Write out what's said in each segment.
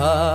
Ah.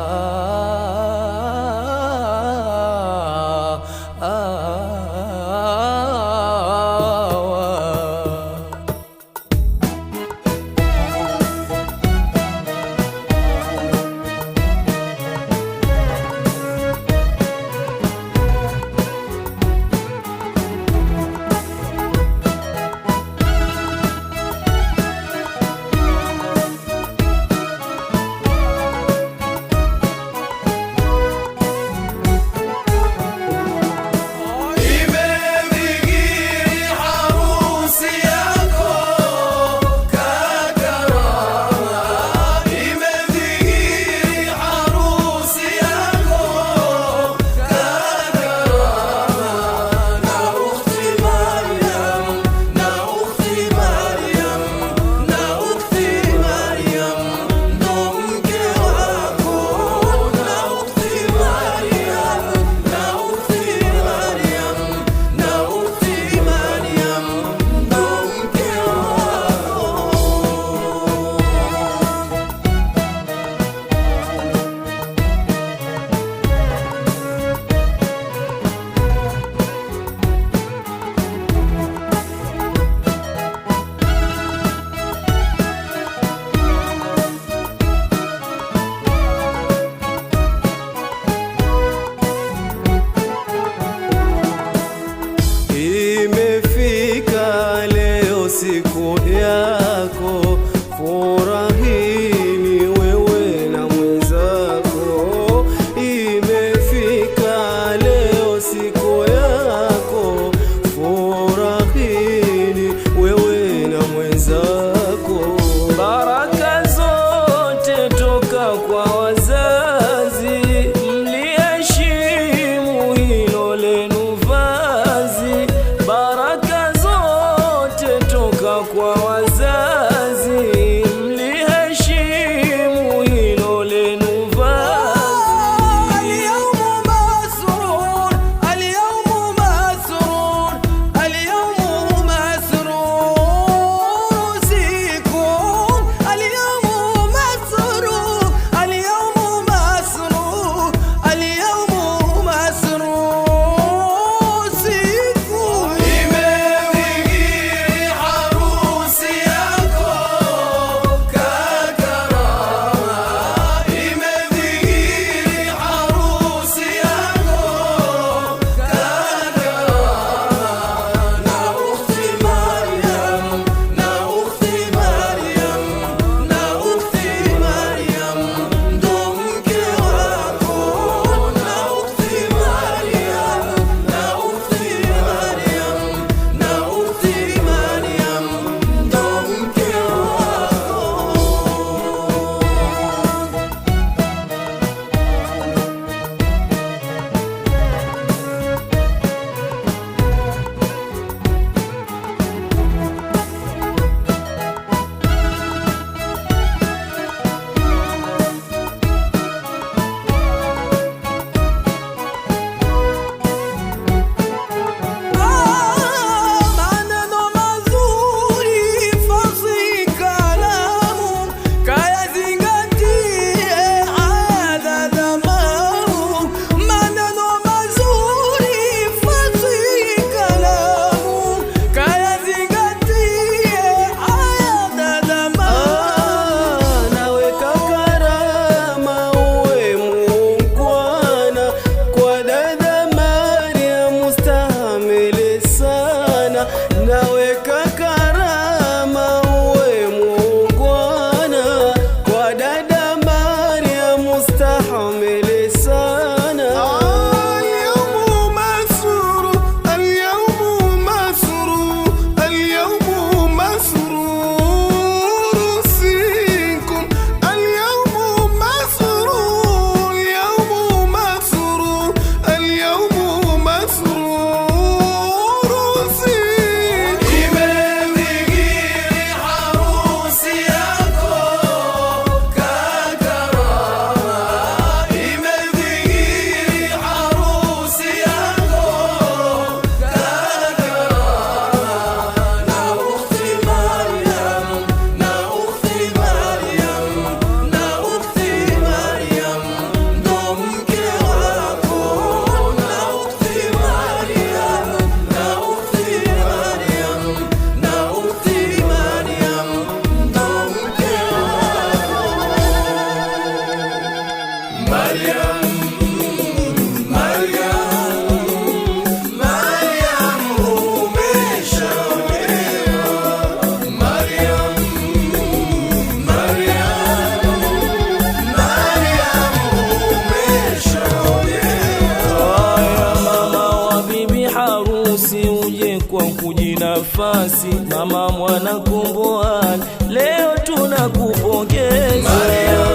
nafasi, mama mwana Kumboan, leo tunakupongeza Mariam.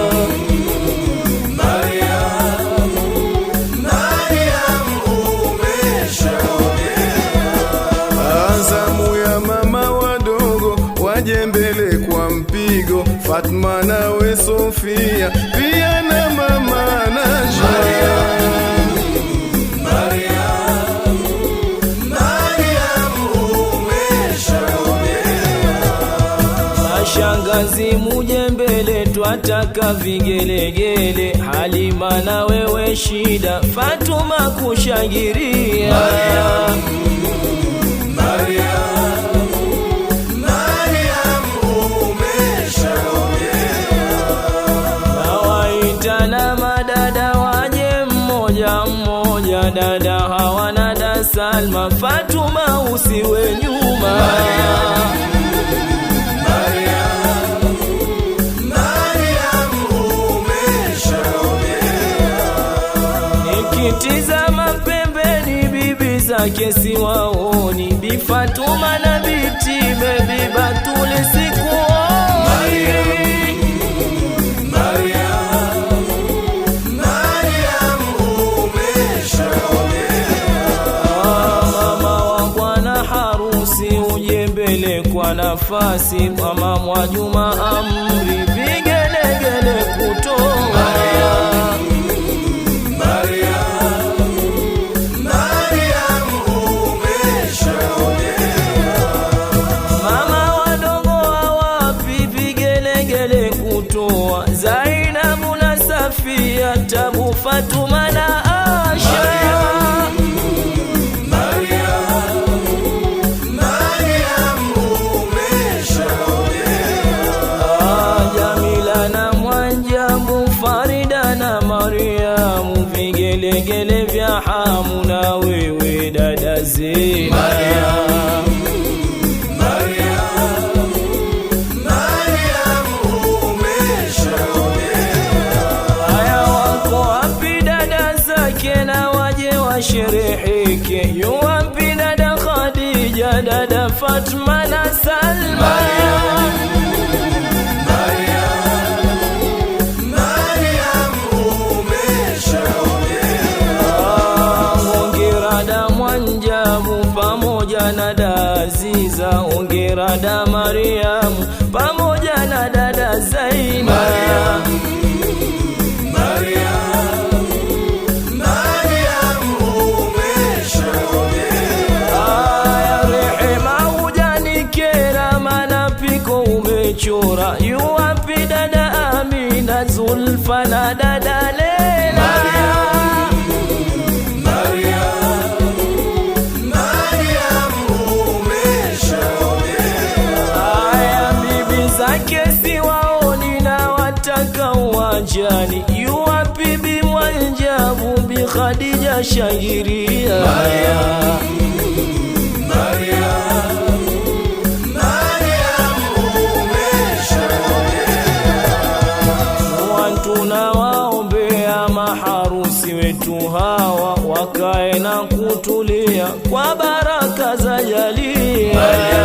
mbele kwa mpigo Fatma nawe Sofia pia na mama na Maria. muje mbele twataka vigelegele. Halima na wewe shida, Fatuma kushangiria dada hawa na da Salma Fatuma usiwe nyuma Mariam. Ukitizama pembeni bibi zake siwaoni, Bi Fatuma na Biti Bibi Batuli sikuoni. Nafasi kwa mamwa Juma amu quanto kirihiki yuwapi dada Khadija, dada Fatma na Salma pamoja na dada Aziza, hongera da Mariamu pamoja na dada Zaina Mariam. Sura yuwapi dada Amina, Zulfa na dada Leila jani yuwapi bimwanjabu bi Khadija shahiria Maria, Maria. hawa wakae na kutulia kwa baraka za jalia